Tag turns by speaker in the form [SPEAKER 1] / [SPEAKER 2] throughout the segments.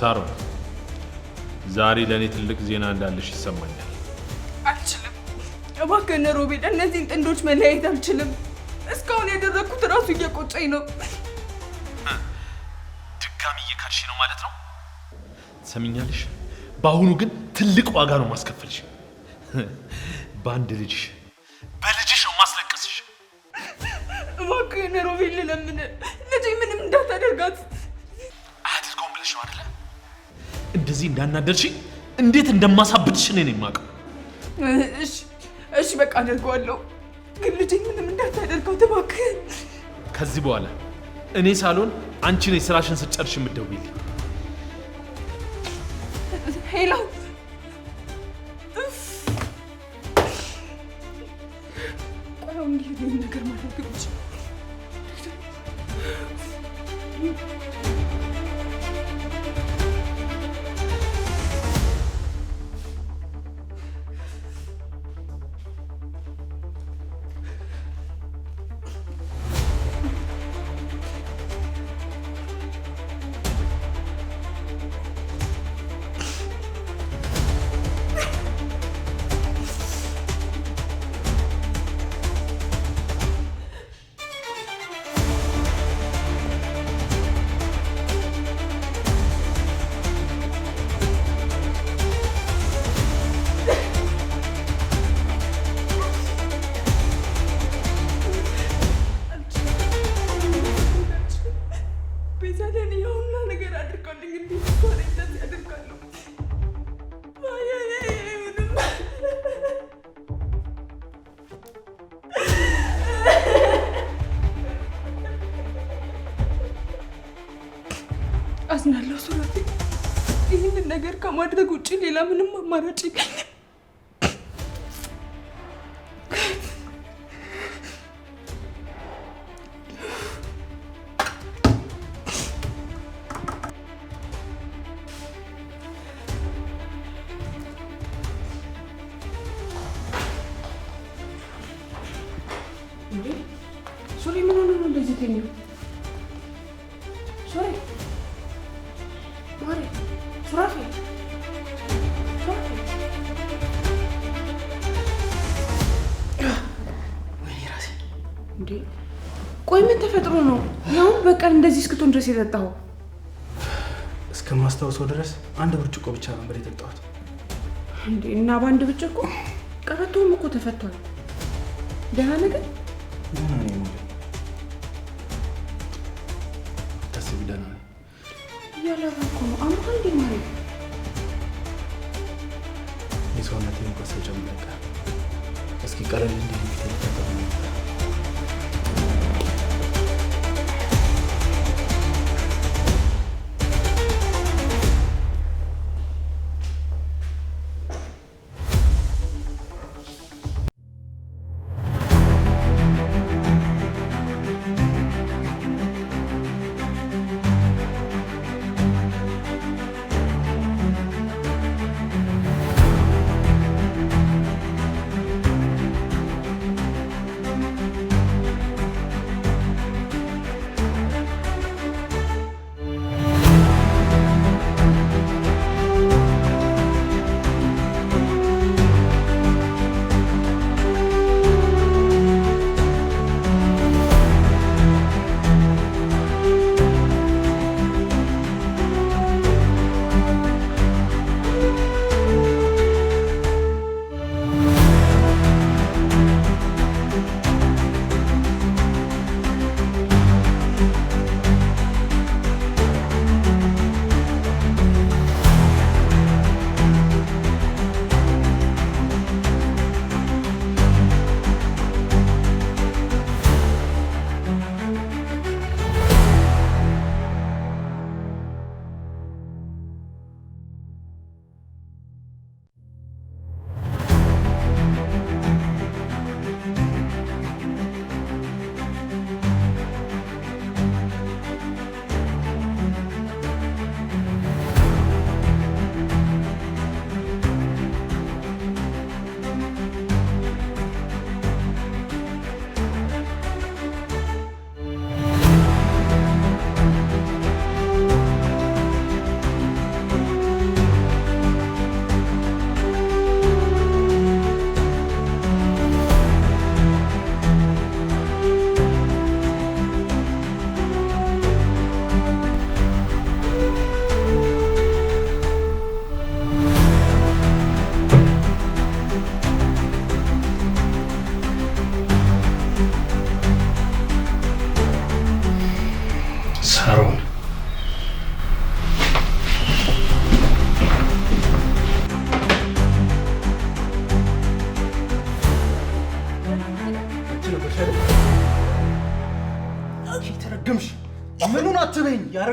[SPEAKER 1] ሳሮን ዛሬ ለእኔ ትልቅ ዜና እንዳለሽ ይሰማኛል።
[SPEAKER 2] አልችልም፣ እባክህን ሮቤል፣ እነዚህን ጥንዶች መለያየት አልችልም። እስካሁን ያደረግኩት እራሱ እየቆጨኝ ነው።
[SPEAKER 1] ድጋሚ እየካድሽ ነው ማለት ነው። ትሰሚኛለሽ? በአሁኑ ግን ትልቅ ዋጋ ነው ማስከፈልሽ በአንድ ልጅሽ እዚህ እንዳናደርሽ እንዴት እንደማሳብድሽ እኔ ነኝ የማውቀው።
[SPEAKER 2] እሺ እሺ፣ በቃ አደርገዋለሁ፣ ግን ልጅ ምንም እንዳታደርገው እባክህን።
[SPEAKER 1] ከዚህ በኋላ እኔ ሳልሆን አንቺ ነሽ ስራሽን ስትጨርሽ የምትደውይልኝ።
[SPEAKER 2] ሄላ ነገር ሌላ ምንም አማራጭ የለኝም። እንዴ ቆይ ምን ተፈጥሮ ነው ያሁን በቀን እንደዚህ እስክቶን ድረስ የጠጣኸው?
[SPEAKER 1] እስከማስታውሰው ድረስ አንድ ብርጭቆ ብቻ ነበር የጠጣሁት።
[SPEAKER 2] እንዴ እና በአንድ ብርጭቆ ቀበቶውም እኮ ተፈቷል። ደህና ነገር
[SPEAKER 1] ደህና ታስብ ደህና ነው እንዴ እስኪ ቀለል እንዲህ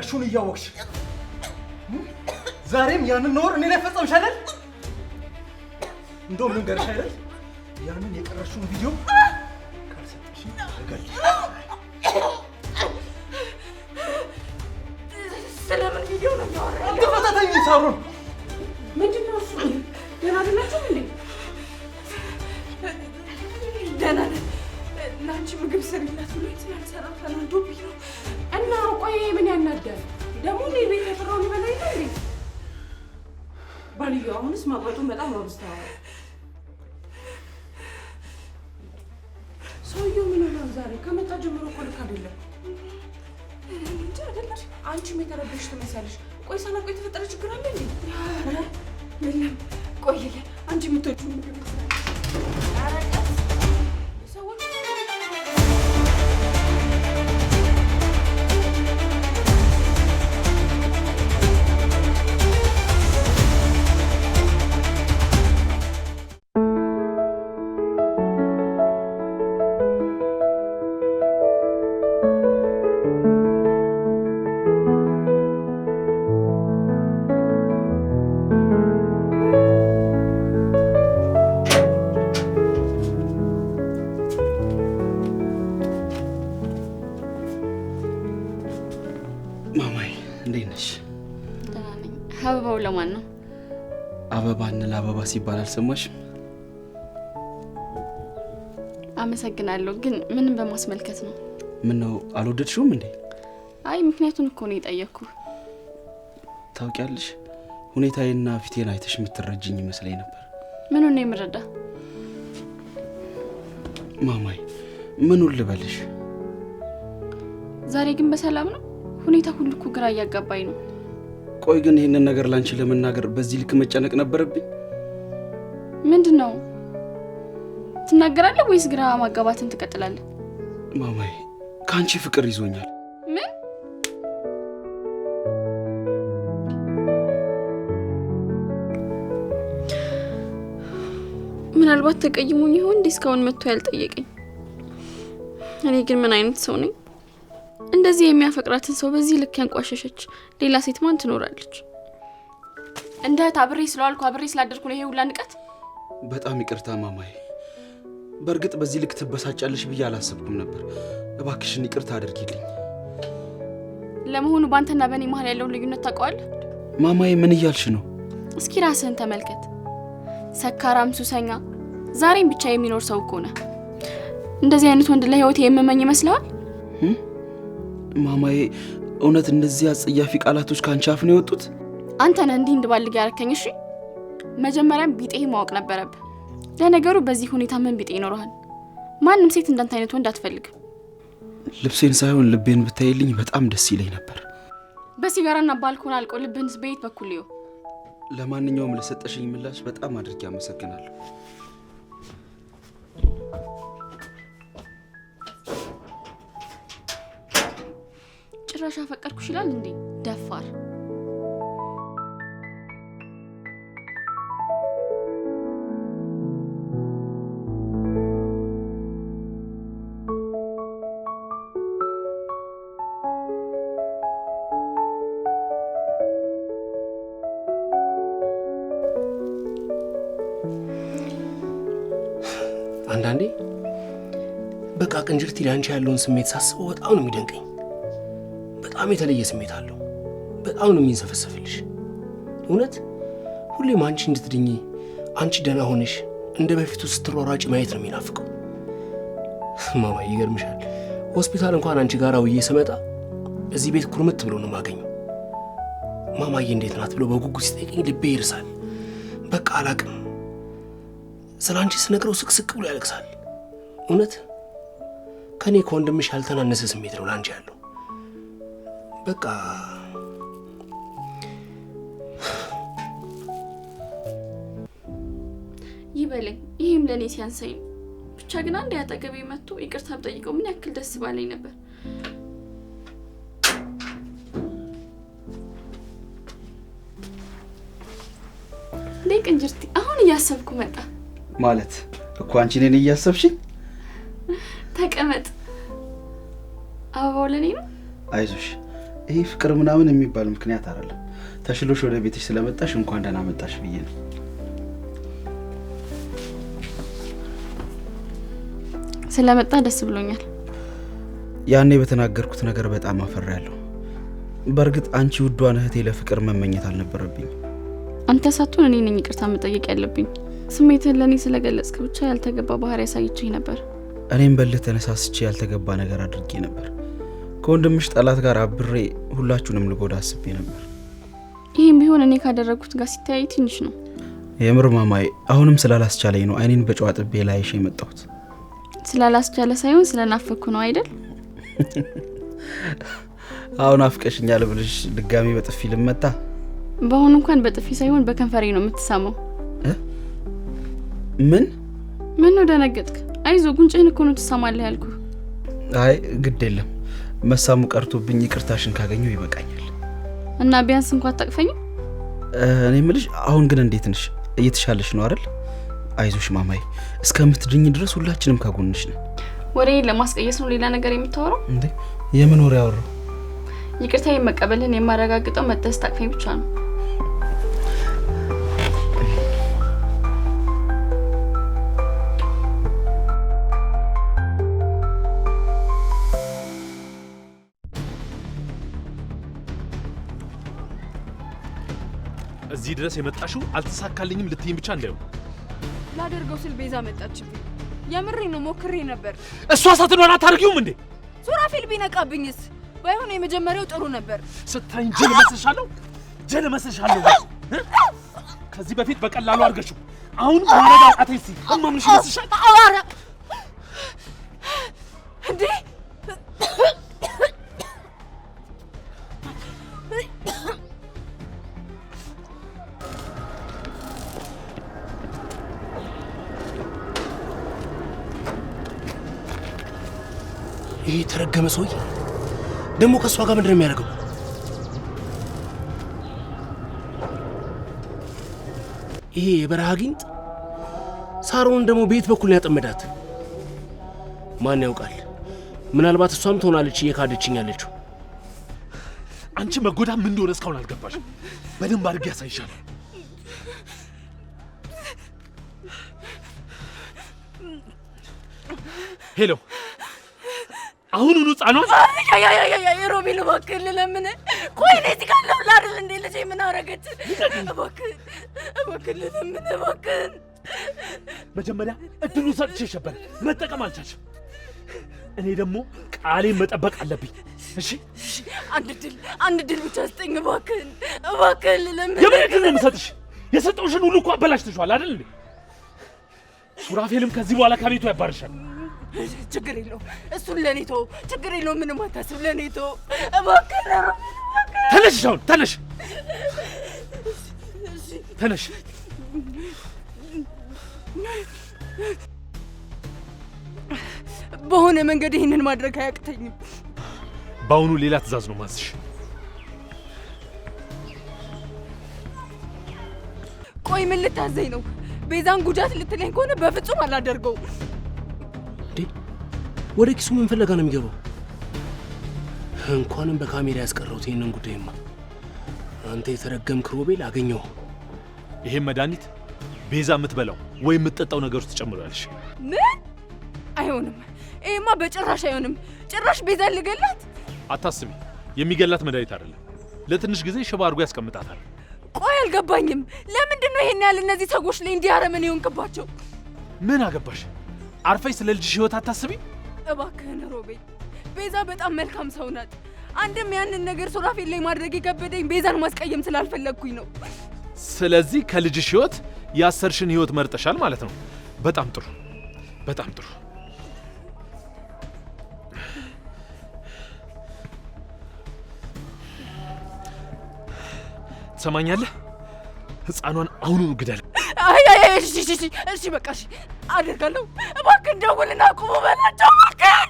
[SPEAKER 1] ያደረግሽውን እያወቅሽ ዛሬም ያንን ነውር እኔ ላይ ፈጸምሽ አይደል? አይደል?
[SPEAKER 2] ቤት የፈራው ሊበላይ ነው እንዴ? ባልዮ አሁንስ ማባጡን በጣም አብዝተዋል። ሰውየው ምን ሆነው ዛሬ ከመጣ ጀምሮ እኮ ልክ አይደለም። እንጃ አይደለሽ? አንቺም የተረበሽ ትመስያለሽ። ቆይ ሳላውቀው የተፈጠረ ችግር አለ እንዴ? የለም ቆይለ አንቺ የምትወጪው ምግብ
[SPEAKER 1] ዋስ ይባላል። ሰማሽ?
[SPEAKER 3] አመሰግናለሁ፣ ግን ምንም በማስመልከት ነው።
[SPEAKER 1] ምን ነው አልወደድሽውም እንዴ?
[SPEAKER 3] አይ ምክንያቱን እኮ ነው የጠየቅኩ።
[SPEAKER 1] ታውቂያለሽ፣ ሁኔታዬና ፊቴን አይተሽ የምትረጅኝ ይመስለኝ ነበር።
[SPEAKER 3] ምኑ ነው የምረዳ?
[SPEAKER 1] ማማይ ምኑን ልበልሽ?
[SPEAKER 3] ዛሬ ግን በሰላም ነው። ሁኔታ ሁሉ እኮ ግራ እያጋባኝ ነው።
[SPEAKER 1] ቆይ ግን ይህንን ነገር ላንቺ ለመናገር በዚህ ልክ መጨነቅ ነበረብኝ?
[SPEAKER 3] ምንድን ነው ትናገራለህ ወይስ ግራ ማጋባትን ትቀጥላለህ?
[SPEAKER 1] ማማዬ ከአንቺ ፍቅር ይዞኛል።
[SPEAKER 3] ምናልባት ተቀይሞኝ ይሆን እንዴ እስካሁን መጥቶ ያልጠየቀኝ? እኔ ግን ምን አይነት ሰው ነኝ? እንደዚህ የሚያፈቅራትን ሰው በዚህ ልክ ያንቋሸሸች ሌላ ሴት ማን ትኖራለች? እንደ እህት አብሬ ስለዋልኩ አብሬ ስላደርኩ ነው ይሄ ሁላ ንቀት
[SPEAKER 1] በጣም ይቅርታ ማማዬ። በእርግጥ በዚህ ልክ ትበሳጫለሽ ብዬ አላሰብኩም ነበር። እባክሽን ይቅርታ አድርጊልኝ።
[SPEAKER 3] ለመሆኑ በአንተና በእኔ መሀል ያለውን ልዩነት ታውቀዋለህ?
[SPEAKER 1] ማማዬ ምን እያልሽ ነው?
[SPEAKER 3] እስኪ ራስህን ተመልከት። ሰካራም፣ ሱሰኛ፣ ዛሬም ብቻ የሚኖር ሰው እኮ ነህ። እንደዚህ አይነት ወንድ ለህይወት የምመኝ ይመስለዋል?
[SPEAKER 1] ማማዬ እውነት እንደዚህ አጸያፊ ቃላቶች ከአንቺ አፍ ነው የወጡት?
[SPEAKER 3] አንተ ነህ እንዲህ እንድባልግ ያረከኝ። እሺ መጀመሪያም ቢጤህ ማወቅ ነበረብ። ለነገሩ በዚህ ሁኔታ ምን ቢጤ ይኖረሃል? ማንም ሴት እንዳንተ አይነት ወንድ አትፈልግም።
[SPEAKER 1] ልብሴን ሳይሆን ልቤን ብታይልኝ በጣም ደስ ይለኝ ነበር።
[SPEAKER 3] በሲጋራና ባልኮን አልቆ ልብህንስ በየት በኩል ይው።
[SPEAKER 1] ለማንኛውም ለሰጠሽኝ ምላሽ በጣም አድርጌ አመሰግናለሁ።
[SPEAKER 3] ጭራሽ ፈቀድኩ ይላል እንዴ ደፋር
[SPEAKER 1] ቅንጅርቲ ለአንቺ ያለውን ስሜት ሳስበው በጣም ነው የሚደንቀኝ። በጣም የተለየ ስሜት አለው። በጣም ነው የሚንሰፈሰፍልሽ። እውነት ሁሌም አንቺ እንድትድኝ አንቺ ደህና ሆነሽ እንደ በፊቱ ስትሯሯጭ ማየት ነው የሚናፍቀው። ማማ ይገርምሻል፣ ሆስፒታል እንኳን አንቺ ጋር ውዬ ስመጣ እዚህ ቤት ኩርምት ብሎ ነው የማገኘው። ማማዬ እንዴት ናት ብሎ በጉጉት ሲጠይቀኝ ልቤ ይርሳል። በቃ አላቅም። ስለ አንቺ ስነግረው ስቅስቅ ብሎ ያለቅሳል። እውነት ከእኔ ከወንድምሽ ያልተናነሰ ስሜት ነው ላንቺ ያለው። በቃ
[SPEAKER 3] ይበለኝ። ይህም ለእኔ ሲያንሰኝ ነው። ብቻ ግን አንድ ያጠገቤ መጥቶ ይቅርታ ብጠይቀው ምን ያክል ደስ ባለኝ ነበር። እንዴ ቅንጅርቲ፣ አሁን እያሰብኩ መጣ
[SPEAKER 1] ማለት እኮ አንቺ እኔን እያሰብሽኝ
[SPEAKER 3] ተቀመጥ። አበባው ለእኔ ነው።
[SPEAKER 1] አይዞሽ፣ ይሄ ፍቅር ምናምን የሚባል ምክንያት አይደለም። ተሽሎሽ ወደ ቤትሽ ስለመጣሽ እንኳን ደህና መጣሽ ብዬ ነው።
[SPEAKER 3] ስለመጣ ደስ ብሎኛል።
[SPEAKER 1] ያኔ በተናገርኩት ነገር በጣም አፈራለሁ። በእርግጥ አንቺ ውዷን እህቴ ለፍቅር መመኘት አልነበረብኝ።
[SPEAKER 3] አንተ ሳትሆን እኔ ነኝ ይቅርታ መጠየቅ ያለብኝ። ስሜትህን ለእኔ ስለገለጽክ ብቻ ያልተገባ ባህሪ ያሳየችኝ ነበር።
[SPEAKER 1] እኔም በልህ ተነሳስቼ ያልተገባ ነገር አድርጌ ነበር። ከወንድምሽ ጠላት ጋር አብሬ ሁላችሁንም ልጎዳ አስቤ ነበር።
[SPEAKER 3] ይህም ቢሆን እኔ ካደረግኩት ጋር ሲታይ ትንሽ ነው።
[SPEAKER 1] የምር ማማዬ፣ አሁንም ስላላስቻለኝ ነው አይኔን በጨዋ ጥቤ ላይሽ የመጣሁት።
[SPEAKER 3] ስላላስቻለ ሳይሆን ስለናፈኩ ነው አይደል?
[SPEAKER 1] አሁን አፍቀሽኛል ብልሽ ድጋሚ በጥፊ ልመታ?
[SPEAKER 3] በአሁኑ እንኳን በጥፊ ሳይሆን በከንፈሬ ነው የምትሰማው ምን ምን ነው ደነገጥክ? አይዞ ጉንጭህን እኮ ነው ትሳማለህ ያልኩ።
[SPEAKER 1] አይ ግድ የለም መሳሙ ቀርቶብኝ ይቅርታሽን ካገኘው ይበቃኛል።
[SPEAKER 3] እና ቢያንስ እንኳ አታቅፈኝም?
[SPEAKER 1] እኔ ምልሽ አሁን ግን እንዴት ነሽ? እየተሻለሽ ነው አይደል? አይዞሽ ማማይ እስከምትድኝ ድረስ ሁላችንም ካጎንሽ ነን።
[SPEAKER 3] ወሬ ለማስቀየስ ነው ሌላ ነገር የምታወራው
[SPEAKER 1] እንዴ? የምን ወሬ አወራው?
[SPEAKER 3] ይቅርታ መቀበልህን የማረጋግጠው መጥተህ ታቅፈኝ ብቻ ነው።
[SPEAKER 1] እዚህ ድረስ የመጣሽው አልተሳካልኝም ልትይኝ ብቻ እንዳይሆን።
[SPEAKER 3] ላደርገው ስል ቤዛ መጣችብኝ። የምሬ ነው፣ ሞክሬ ነበር።
[SPEAKER 1] እሷ ሳትሆን አታርጊውም እንዴ?
[SPEAKER 3] ሱራፌል ቢነቃብኝስ? ባይሆን የመጀመሪያው ጥሩ ነበር።
[SPEAKER 1] ስታይን ጀል መስልሻለሁ፣ ጀል መስልሻለሁ። ከዚህ በፊት በቀላሉ አድርገሽው አሁን ማረጋ አታይሲ እማምንሽ መስልሻል። የተረገመ ሰውዬ ደግሞ ከእሷ ጋር ምንድን ነው የሚያደርገው? ይሄ የበረሃ ግንጥ ሳሮን ደግሞ ቤት በኩል ያጠመዳት ማን ያውቃል? ምናልባት እሷም ትሆናለች እየካደችኝ ያለችው። አንቺ መጎዳ ምን እንደሆነ እስካሁን አልገባሽ። በደንብ አድርጌ ያሳይሻል። ሄሎ አሁን ሁሉ
[SPEAKER 2] አይ ሮቤል እባክህን ልለምን። ቆይ እኔ እዚህ ጋር ለሁላ አይደል እንዴ ልጄ ምን አረገች? እባክህን እባክህን ልለምን እባክህን።
[SPEAKER 1] መጀመሪያ እድሉ ሰጥቼሽ ነበር፣ መጠቀም አልቻልሽም። እኔ ደግሞ ቃሌን መጠበቅ አለብኝ። እሺ
[SPEAKER 2] አንድ ድል አንድ ድል ብቻ ስጠኝ እባክህን እባክህን ልለምን።
[SPEAKER 1] የምን ድል ነው የምሰጥሽ? የሰጠውሽን ሁሉ እኮ አበላሽተሽዋል አይደል እንዴ? ሱራፌልም ከዚህ በኋላ ከቤቱ ያባርሻል።
[SPEAKER 2] ችግር የለው። እሱን ለኔ ተወው። ችግር የለው። ምንም አታስብ። ለኔ ተወው እባክህ።
[SPEAKER 1] ተነሽ፣ አሁን ተነሽ፣ ተነሽ።
[SPEAKER 2] በሆነ መንገድ ይህንን ማድረግ አያቅተኝም።
[SPEAKER 1] በአሁኑ ሌላ ትዕዛዝ ነው ማዝሽ።
[SPEAKER 2] ቆይ ምን ልታዘኝ ነው? ቤዛን ጉጃት ልትለኝ ከሆነ በፍጹም አላደርገው
[SPEAKER 1] ወደ ኪሱ ምን ፍለጋ ነው የሚገባው? እንኳንም በካሜራ ያስቀረሁት ይህንን ጉዳይማ አንተ የተረገምክ ሮቤል አገኘሁ። ይሄን መድኃኒት ቤዛ የምትበላው ወይም የምትጠጣው ነገር ውስጥ ትጨምራለሽ።
[SPEAKER 2] ምን አይሆንም። ይሄማ በጭራሽ አይሆንም። ጭራሽ ቤዛ ልገላት።
[SPEAKER 1] አታስቢ፣ የሚገላት መድኃኒት አይደለም። ለትንሽ ጊዜ ሽባ አድርጎ ያስቀምጣታል።
[SPEAKER 2] ቆይ አልገባኝም። ለምንድን ነው ይሄን ያህል እነዚህ ሰዎች ላይ እንዲህ አረመኔ
[SPEAKER 1] ምን አገባሽ? አርፈሽ ስለ ልጅሽ ህይወት አታስቢ።
[SPEAKER 2] እባክህን ሮቤል፣ ቤዛ በጣም መልካም ሰው ናት። አንድም ያንን ነገር ሱራፌል ላይ ማድረግ የከበደኝ ቤዛን ማስቀየም ስላልፈለግኩኝ ነው።
[SPEAKER 1] ስለዚህ ከልጅሽ ህይወት የአሰርሽን ህይወት መርጠሻል ማለት ነው። በጣም ጥሩ፣ በጣም ጥሩ። ትሰማኛለህ? ህፃኗን አሁኑ ግደል።
[SPEAKER 2] እሺ በቃ እሺ አደርጋለሁ። እባክህን ደውልና ቁሙ በላቸው። እባክህን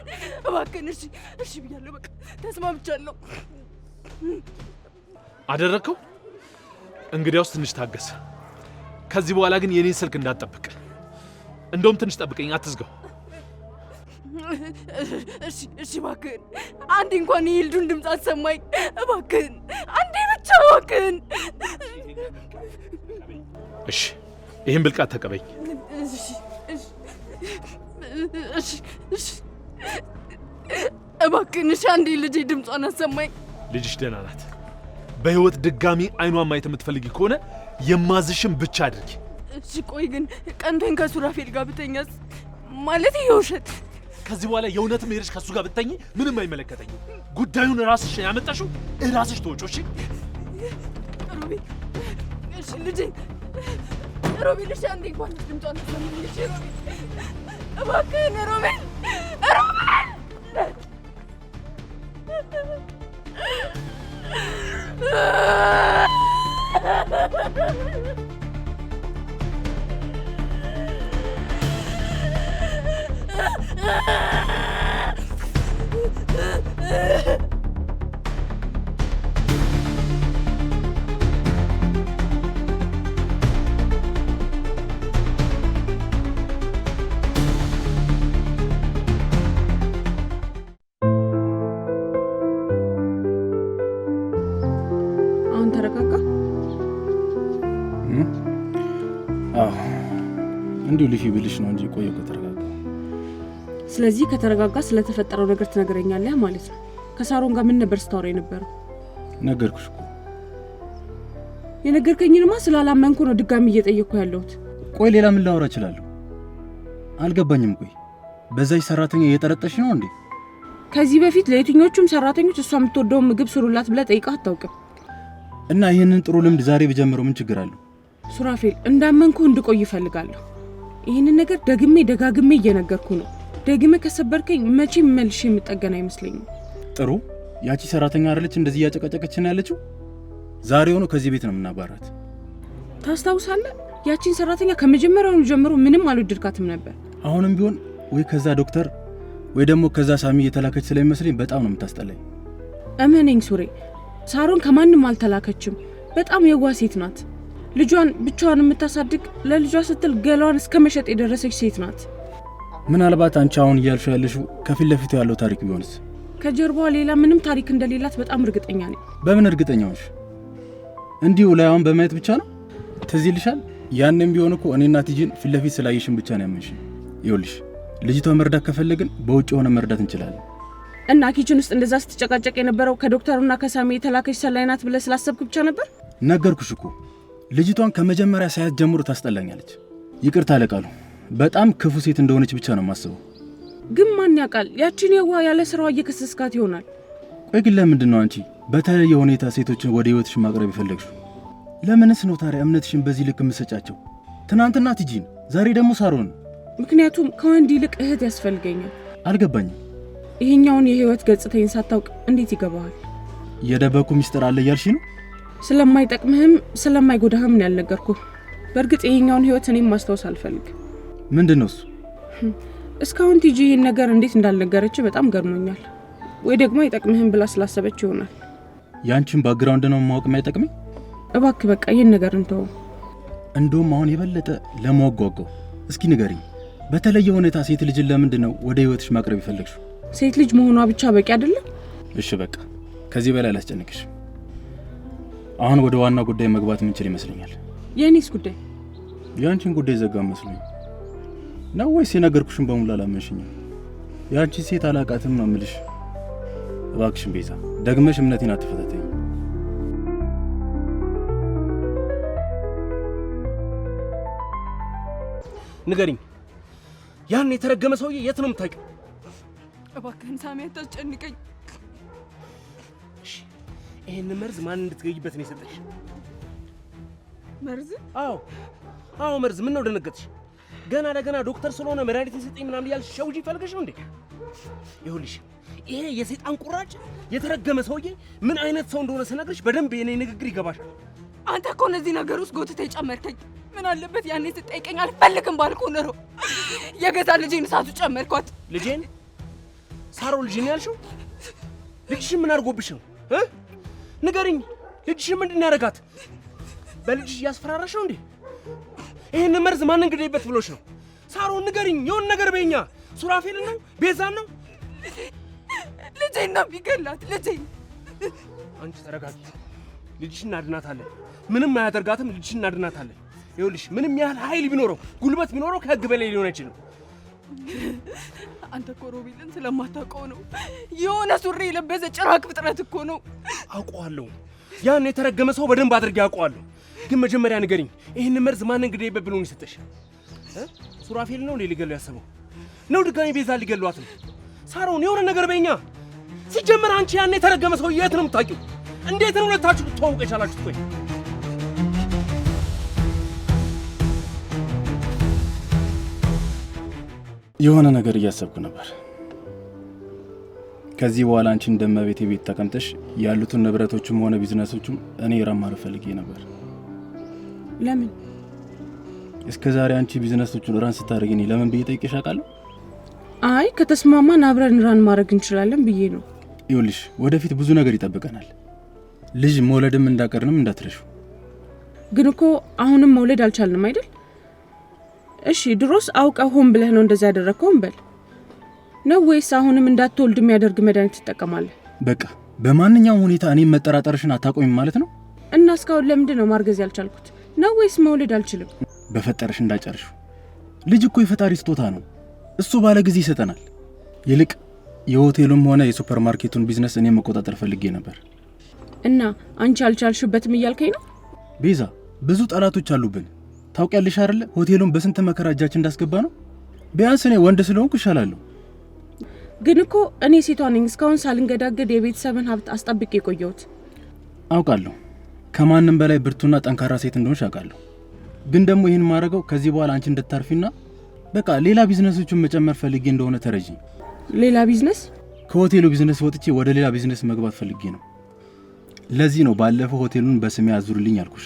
[SPEAKER 2] እባክህን። እሺ እሺ ብያለሁ። በቃ ተስማምቻለሁ።
[SPEAKER 1] አደረግከው። እንግዲያውስ ትንሽ ታገስ። ከዚህ በኋላ ግን የኔን ስልክ እንዳትጠብቅ። እንደውም ትንሽ ጠብቀኝ፣ አትዝጋው።
[SPEAKER 2] እሺ እሺ፣ እባክህን አንዴ እንኳን የይልዱን ድምፅ አትሰማኝ። እባክህን አንዴ ብቻ፣ እባክህን
[SPEAKER 1] እሺ ይህን ብልቃት ተቀበኝ።
[SPEAKER 2] እባክንሽ አንዴ ልጄ ድምጿን አሰማኝ።
[SPEAKER 1] ልጅሽ ደህና ናት። በህይወት ድጋሚ አይኗን ማየት የምትፈልጊ ከሆነ የማዝሽን ብቻ አድርጊ።
[SPEAKER 2] እሺ። ቆይ ግን ቀንተን ከሱራፌል ጋር ብተኛስ? ማለት የውሸት
[SPEAKER 1] ከዚህ በኋላ የእውነትም ሄደሽ ከእሱ ጋር ብተኝ ምንም አይመለከተኝ። ጉዳዩን ራስሽ ያመጣሽው ራስሽ ተወጮሽ።
[SPEAKER 2] ሩቢ፣ እሺ ልጄ ሮቤል እሺ፣ አንዴ እንኳን ድምጿ ተሰምልሽ። ሮቤል እባክህን፣ ሮቤል ሮቤል Ah!
[SPEAKER 1] እንዲሁ ልፊ ብልሽ ነው እንጂ ቆየ ከተረጋጋ።
[SPEAKER 3] ስለዚህ ከተረጋጋ ስለተፈጠረው ነገር ትነግረኛለህ ማለት ነው። ከሳሮን ጋር ምን ነበር ስታወራ የነበረው? ነገርኩሽ እኮ። የነገርከኝንማ ስላላመንኩ ነው ድጋሚ እየጠየቅኩ ያለሁት።
[SPEAKER 1] ቆይ ሌላ ምን ላወራ እችላለሁ? አልገባኝም። ቆይ በዛች ሰራተኛ እየጠረጠሽ ነው እንዴ?
[SPEAKER 3] ከዚህ በፊት ለየትኞቹም ሰራተኞች እሷ የምትወደውን ምግብ ስሩላት ብለህ ጠይቀህ አታውቅም።
[SPEAKER 1] እና ይህንን ጥሩ ልምድ ዛሬ ብጀምረው ምን ችግር አለው?
[SPEAKER 3] ሱራፌል፣ እንዳመንኩ እንድቆይ ይፈልጋለሁ። ይህንን ነገር ደግሜ ደጋግሜ እየነገርኩ ነው። ደግሜ ከሰበርከኝ መቼም መልሽ የምጠገን አይመስለኝም።
[SPEAKER 1] ጥሩ ያቺ ሰራተኛ አይደለች እንደዚህ እያጨቀጨቀችን ያለችው? ዛሬ ሆኖ ከዚህ ቤት ነው የምናባራት።
[SPEAKER 3] ታስታውሳለህ? ያቺን ሰራተኛ ከመጀመሪያውኑ ጀምሮ ምንም አልወደድካትም ነበር።
[SPEAKER 1] አሁንም ቢሆን ወይ ከዛ ዶክተር ወይ ደግሞ ከዛ ሳሚ እየተላከች ስለሚመስለኝ በጣም ነው የምታስጠላኝ።
[SPEAKER 3] እመነኝ ሱሬ፣ ሳሮን ከማንም አልተላከችም። በጣም የዋህ ሴት ናት። ልጇን ብቻዋን የምታሳድግ ለልጇ ስትል ገላዋን እስከ መሸጥ የደረሰች ሴት ናት።
[SPEAKER 1] ምናልባት አንቺ አሁን እያልሽ ያለሽው ከፊት ለፊቱ ያለው ታሪክ ቢሆንስ?
[SPEAKER 3] ከጀርባዋ ሌላ ምንም ታሪክ እንደሌላት በጣም እርግጠኛ ነኝ።
[SPEAKER 1] በምን እርግጠኛዎች? እንዲሁ ላይዋን በማየት ብቻ ነው። ትዝ ይልሻል? ያንም ቢሆን እኮ እኔና ትጂን ፊት ለፊት ስላየሽን ብቻ ነው ያመንሽ። ይኸውልሽ ልጅቷ መርዳት ከፈለግን በውጭ የሆነ መርዳት እንችላለን።
[SPEAKER 3] እና ኪችን ውስጥ እንደዛ ስትጨቃጨቅ የነበረው ከዶክተሩና ከሳሚ የተላከች ሰላይ ናት ብለህ ስላሰብክ ብቻ ነበር?
[SPEAKER 1] ነገርኩሽ እኮ ልጅቷን ከመጀመሪያ ሳያት ጀምሮ ታስጠላኛለች። ይቅርታ አለቃሉ፣ በጣም ክፉ ሴት እንደሆነች ብቻ ነው የማስበው።
[SPEAKER 3] ግን ማን ያውቃል? ያቺን የዋ ያለ ስራዋ እየከሰስካት ይሆናል።
[SPEAKER 1] ቆይ ግን ለምንድን ነው አንቺ በተለየ ሁኔታ ሴቶችን ወደ ህይወትሽ ማቅረብ የፈለግሽው? ለምንስ ነው ታዲያ እምነትሽን በዚህ ልክ የምሰጫቸው? ትናንትና ትጂን፣ ዛሬ ደግሞ ሳሮን።
[SPEAKER 3] ምክንያቱም ከወንድ ይልቅ እህት ያስፈልገኛል። አልገባኝም። ይሄኛውን የህይወት ገጽታዬን ሳታውቅ እንዴት ይገባዋል?
[SPEAKER 1] የደበኩ ሚስጥር አለ እያልሽ ነው?
[SPEAKER 3] ስለማይጠቅምህም ስለማይጎዳህም ነው ያልነገርኩ። በእርግጥ ይሄኛውን ህይወት እኔም ማስታወስ አልፈልግ። ምንድን ነው እሱ? እስካሁን ቲጂ ይህን ነገር እንዴት እንዳልነገረች በጣም ገርሞኛል። ወይ ደግሞ አይጠቅምህም ብላ ስላሰበች ይሆናል።
[SPEAKER 1] ያንቺን ባግራውንድ ነው ማወቅ የማይጠቅመኝ።
[SPEAKER 3] እባክህ በቃ ይህን ነገር እንተው።
[SPEAKER 1] እንደውም አሁን የበለጠ ለማወቅ እስኪ ንገሪኝ፣ በተለየ ሁኔታ ሴት ልጅን ለምንድን ነው ወደ ህይወትሽ ማቅረብ የፈለግሽው?
[SPEAKER 3] ሴት ልጅ መሆኗ ብቻ በቂ አይደለም?
[SPEAKER 1] እሺ በቃ ከዚህ በላይ አላስጨንቅሽ። አሁን ወደ ዋናው ጉዳይ መግባት የምንችል ይመስለኛል። የእኔስ ጉዳይ የአንቺን ጉዳይ ዘጋ መስሎኝ ነው ወይስ የነገርኩሽን በሙሉ አላመንሽኝም? የአንቺ ሴት አላቃትም ነው የምልሽ። እባክሽን ቤዛ ደግመሽ እምነቴን አትፈተተኝ። ንገሪኝ፣ ያን የተረገመ ሰውዬ የት ነው የምታውቂው?
[SPEAKER 2] እባክህን ሳሚ አታስጨንቀኝ።
[SPEAKER 1] ይህን መርዝ ማን እንድትገይበት ነው የሰጠሽ? መርዝ? አዎ አዎ፣ መርዝ። ምን ነው ደነገጥሽ? ገና ለገና ዶክተር ስለሆነ መድኃኒት የሰጠኝ ምናምን እያልሽ ሸውጂ ፈልገሽ እንዴ? ይኸውልሽ ይሄ የሰይጣን ቁራጭ የተረገመ ሰውዬ ምን አይነት ሰው እንደሆነ ስነግርሽ በደንብ የኔ ንግግር ይገባሻል።
[SPEAKER 2] አንተ እኮ እነዚህ ነገር ውስጥ ጎትተህ ጨመርከኝ። ምን አለበት ያኔ ስጠይቀኝ አልፈልግም ባልኩ ኖሮ የገዛ ልጄን እሳቱ ጨመርኳት።
[SPEAKER 1] ልጄን ሳሮ ልጅን ያልሽው ልጅሽን ምን አድርጎብሽ ነው? ንገሪኝ፣ ልጅሽ ምንድን ያደረጋት? በልጅሽ እያስፈራራሽ ነው እንዴ? ይህን መርዝ ማን እንግዲህበት ብሎች ነው? ሳሮን ንገሪኝ፣ የሆን ነገር በኛ ሱራፌልን ነው ቤዛን ነው?
[SPEAKER 2] ልጄን ነው ቢገላት ልጄን።
[SPEAKER 1] አንቺ ተረጋጊ፣ ልጅሽን እናድናታለን። ምንም አያደርጋትም፣ ልጅሽን እናድናታለን። ይኸውልሽ ምንም ያህል ኃይል ቢኖረው ጉልበት ቢኖረው ከህግ በላይ ሊሆን አይችልም።
[SPEAKER 2] አንተ እኮ ሮቤልን ስለማታውቀው ነው። የሆነ ሱሪ የለበሰ ጭራቅ ፍጥረት እኮ ነው።
[SPEAKER 1] አውቀዋለሁ። ያን የተረገመ ሰው በደንብ አድርጌ አውቀዋለሁ። ግን መጀመሪያ ንገሪኝ፣ ይህን መርዝ ማን እንግዲህ ብሎን የሰጠሽ? ሱራፌል ነው ሌ ሊገሉ ያሰበው ነው? ድጋሚ ቤዛ ሊገሏት ነው? ሳሮን የሆነ ነገር በኛ ሲጀመር አንቺ ያን የተረገመ ሰው የት ነው የምታውቂው? እንዴት ነው ሁለታችሁ ልትተዋወቁ የቻላችሁት? ቆይ የሆነ ነገር እያሰብኩ ነበር። ከዚህ በኋላ አንቺ እንደመቤቴ ቤት ተቀምጠሽ ያሉትን ንብረቶችም ሆነ ቢዝነሶችም እኔ ራማር ፈልጌ ነበር። ለምን እስከ ዛሬ አንቺ ቢዝነሶቹን ራን ስታደርጊ እኔ ለምን ብዬ ጠይቄሽ አውቃለሁ?
[SPEAKER 3] አይ ከተስማማን አብረን ራን ማድረግ እንችላለን ብዬ ነው።
[SPEAKER 1] ይኸውልሽ ወደፊት ብዙ ነገር ይጠብቀናል። ልጅ መውለድም እንዳቀርንም እንዳትረሹ።
[SPEAKER 3] ግን እኮ አሁንም መውለድ አልቻልንም አይደል? እሺ ድሮስ አውቀ ሆን ብለህ ነው እንደዛ ያደረግከው በል ነው ወይስ አሁንም እንዳትወልድ የሚያደርግ መድኃኒት ትጠቀማለህ?
[SPEAKER 1] በቃ በማንኛውም ሁኔታ እኔም መጠራጠርሽን አታቆሚም ማለት ነው።
[SPEAKER 3] እና እስካሁን ለምንድን ነው ማርገዝ ያልቻልኩት? ነው ወይስ መውለድ አልችልም?
[SPEAKER 1] በፈጠረሽ እንዳጨርሹ። ልጅ እኮ የፈጣሪ ስጦታ ነው። እሱ ባለ ጊዜ ይሰጠናል። ይልቅ የሆቴሉም ሆነ የሱፐር ማርኬቱን ቢዝነስ እኔም መቆጣጠር ፈልጌ ነበር።
[SPEAKER 3] እና አንቺ አልቻልሽበትም እያልከኝ ነው?
[SPEAKER 1] ቤዛ፣ ብዙ ጠላቶች አሉብን ታውቂያለሽ አይደለ? ሆቴሉን በስንት መከራ እጃችን እንዳስገባ ነው። ቢያንስ እኔ ወንድ ስለሆንኩ ይሻላለሁ።
[SPEAKER 3] ግን እኮ እኔ ሴቷ ነኝ። እስካሁን ሳልንገዳገድ የቤተሰብን ሀብት አስጠብቄ የቆየሁት
[SPEAKER 1] አውቃለሁ። ከማንም በላይ ብርቱና ጠንካራ ሴት እንደሆንሽ አውቃለሁ። ግን ደግሞ ይህን ማድረገው ከዚህ በኋላ አንቺ እንድታርፊና በቃ ሌላ ቢዝነሶቹን መጨመር ፈልጌ እንደሆነ ተረጂ። ሌላ ቢዝነስ? ከሆቴሉ ቢዝነስ ወጥቼ ወደ ሌላ ቢዝነስ መግባት ፈልጌ ነው። ለዚህ ነው ባለፈው ሆቴሉን በስሜ አዙርልኝ አልኩሽ።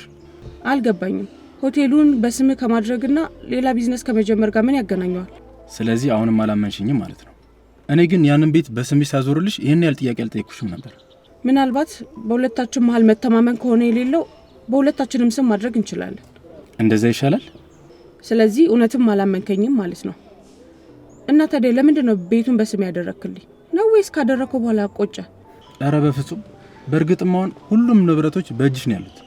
[SPEAKER 3] አልገባኝም። ሆቴሉን በስምህ ከማድረግና ሌላ ቢዝነስ ከመጀመር ጋር ምን ያገናኘዋል?
[SPEAKER 1] ስለዚህ አሁንም አላመንሽኝም ማለት ነው። እኔ ግን ያንን ቤት በስም ሳዞርልሽ ይህን ያህል ጥያቄ አልጠየኩሽም ነበር።
[SPEAKER 3] ምናልባት በሁለታችን መሀል መተማመን ከሆነ የሌለው በሁለታችንም ስም ማድረግ እንችላለን።
[SPEAKER 1] እንደዛ ይሻላል።
[SPEAKER 3] ስለዚህ እውነትም አላመንከኝም ማለት ነው። እና ታዲያ ለምንድን ነው ቤቱን በስም ያደረክልኝ? ነው ወይስ ካደረግከው በኋላ ቆጨ
[SPEAKER 1] ኧረ በፍጹም። በእርግጥም አሁን ሁሉም ንብረቶች በእጅሽ ነው ያሉት።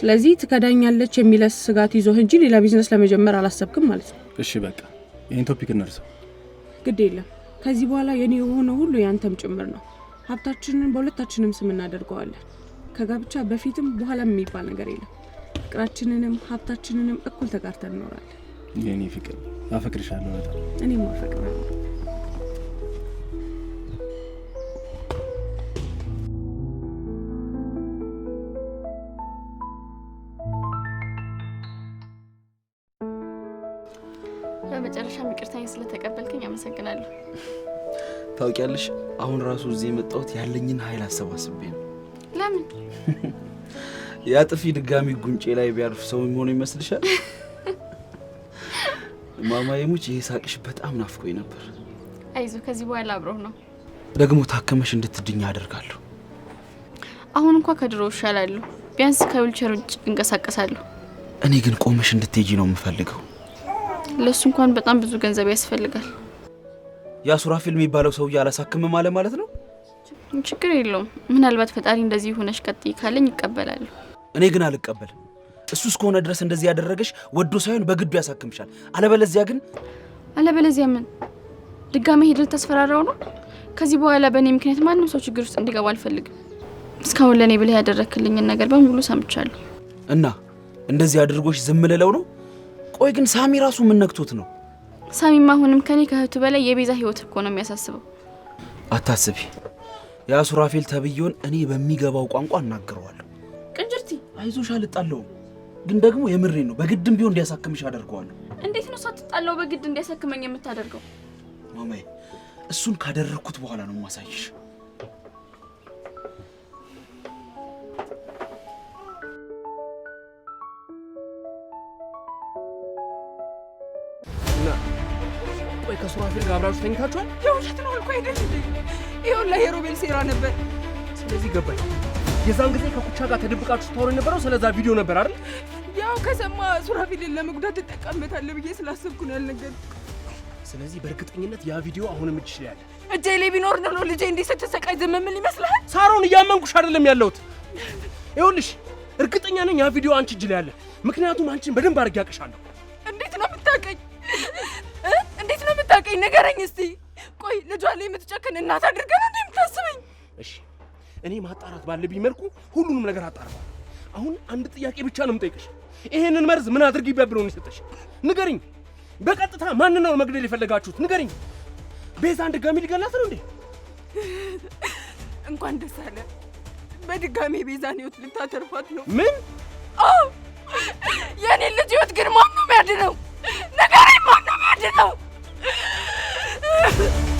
[SPEAKER 3] ስለዚህ ትከዳኛለች የሚለስ ስጋት ይዞ እንጂ ሌላ ቢዝነስ ለመጀመር አላሰብክም ማለት ነው።
[SPEAKER 1] እሺ በቃ ይህን ቶፒክ እንርሰው።
[SPEAKER 3] ግድ የለም ከዚህ በኋላ የኔ የሆነ ሁሉ ያንተም ጭምር ነው። ሀብታችንን በሁለታችንም ስም እናደርገዋለን። ከጋብቻ በፊትም በኋላም የሚባል ነገር የለም። ፍቅራችንንም ሀብታችንንም እኩል ተጋርተን እኖራለን።
[SPEAKER 1] የኔ ፍቅር አፈቅርሻለሁ በጣም
[SPEAKER 3] እኔም አፈቅራለሁ። ይቅርታኝ ስለተቀበልከኝ አመሰግናለሁ።
[SPEAKER 1] ታውቂያለሽ፣ አሁን ራሱ እዚህ የመጣሁት ያለኝን ኃይል አሰባስቤ ነው። ለምን ያ ጥፊ ድጋሚ ጉንጬ ላይ ቢያርፍ ሰው የሚሆነው ይመስልሻል? ማማዬሙች፣ ይሄ ሳቅሽ በጣም ናፍቆኝ ነበር።
[SPEAKER 3] አይዞ፣ ከዚህ በኋላ አብረው ነው።
[SPEAKER 1] ደግሞ ታከመሽ እንድትድኝ አደርጋለሁ።
[SPEAKER 3] አሁን እንኳ ከድሮ እሻላለሁ። ቢያንስ ከዊልቸር ውጭ እንቀሳቀሳለሁ።
[SPEAKER 1] እኔ ግን ቆመሽ እንድትሄጂ ነው የምፈልገው።
[SPEAKER 3] ለሱ እንኳን በጣም ብዙ ገንዘብ ያስፈልጋል።
[SPEAKER 1] ያ ሱራፊል የሚባለው ሰውዬ አላሳክምም አለ ማለት ነው።
[SPEAKER 3] ችግር የለውም። ምናልባት ፈጣሪ እንደዚህ ሆነሽ ቀጥይ ካለኝ ይቀበላሉ።
[SPEAKER 1] እኔ ግን አልቀበል። እሱ እስከሆነ ድረስ እንደዚህ ያደረገሽ ወዶ ሳይሆን በግዱ ያሳክምሻል። አለበለዚያ ግን
[SPEAKER 3] አለበለዚያ ምን ድጋሚ ሄደህ ልታስፈራራው ነው? ከዚህ በኋላ በእኔ ምክንያት ማንም ሰው ችግር ውስጥ እንዲገባ አልፈልግም። እስካሁን ለእኔ ብለህ ያደረክልኝን ነገር በሙሉ ሰምቻለሁ።
[SPEAKER 1] እና እንደዚህ አድርጎሽ ዝም ልለው ነው? ቆይ ግን ሳሚ ራሱ ምን ነክቶት ነው?
[SPEAKER 3] ሳሚም አሁንም ከኔ ከእህቱ በላይ የቤዛ ህይወት እኮ ነው የሚያሳስበው።
[SPEAKER 1] አታስቢ፣ ያ ሱራፌል ተብዬውን እኔ በሚገባው ቋንቋ እናገረዋለሁ። ቅንጅርቲ አይዞሽ፣ አልጣለውም። ግን ደግሞ የምሬ ነው፣ በግድም ቢሆን እንዲያሳክምሽ አደርገዋለሁ።
[SPEAKER 3] እንዴት ነው ሳትጣለው በግድ እንዲያሳክመኝ የምታደርገው?
[SPEAKER 1] ማማዬ፣ እሱን ካደረግኩት በኋላ ነው ማሳይሽ ቆይ ከሱራፌል ጋር አብራችሁ ተኝታችኋል?
[SPEAKER 2] የውሸት ነው አልኩህ አይደል እንዴ? ይሁን የሮቤል ሴራ ነበር።
[SPEAKER 1] ስለዚህ ገባኝ። የዛን ጊዜ ከኩቻ ጋር ተደብቃችሁ ስታወሩ የነበረው ስለዛ ቪዲዮ ነበር አይደል?
[SPEAKER 2] ያው ከሰማ ሱራፌልን ለመጉዳት ትጠቀምበታለህ ብዬ ስላሰብኩ ነው ያልነገርኩህ።
[SPEAKER 1] ስለዚህ በእርግጠኝነት ያ ቪዲዮ አሁንም እጅሽ ላይ አለ።
[SPEAKER 2] እጄ ላይ ቢኖር ነው ልጄ እንዲህ ስትሰቃይ ዝም ምን ይመስልሃል?
[SPEAKER 1] ሳሮን እያመንኩሽ አይደለም ያለሁት። ይኸውልሽ እርግጠኛ ነኝ ያ ቪዲዮ አንቺ እጅ ላይ አለ። ምክንያቱም አንቺን በደንብ አድርጌ አውቅሻለሁ።
[SPEAKER 2] ንገረኝ እስቲ። ቆይ ልጇ ላይ የምትጨክን እናት አድርገን እንደ የምታስበኝ?
[SPEAKER 1] እሺ እኔ ማጣራት ባለብኝ መልኩ ሁሉንም ነገር አጣርባል። አሁን አንድ ጥያቄ ብቻ ነው የምጠይቅሽ። ይሄንን መርዝ ምን አድርጊበት ብሎ ነው የሰጠሽ? ንገርኝ። በቀጥታ ማንን ነው መግደል የፈለጋችሁት? ንገርኝ። ቤዛን ድጋሚ ሊገላት ነው እንዴ?
[SPEAKER 2] እንኳን ደስ አለ። በድጋሚ ቤዛን ህይወት ልታተርፋት ነው። ምን? የኔን ልጅ ህይወት ግን ማን ነው የሚያድነው? ንገረኝ፣ ማን ነው የሚያድነው? Ha ha ha!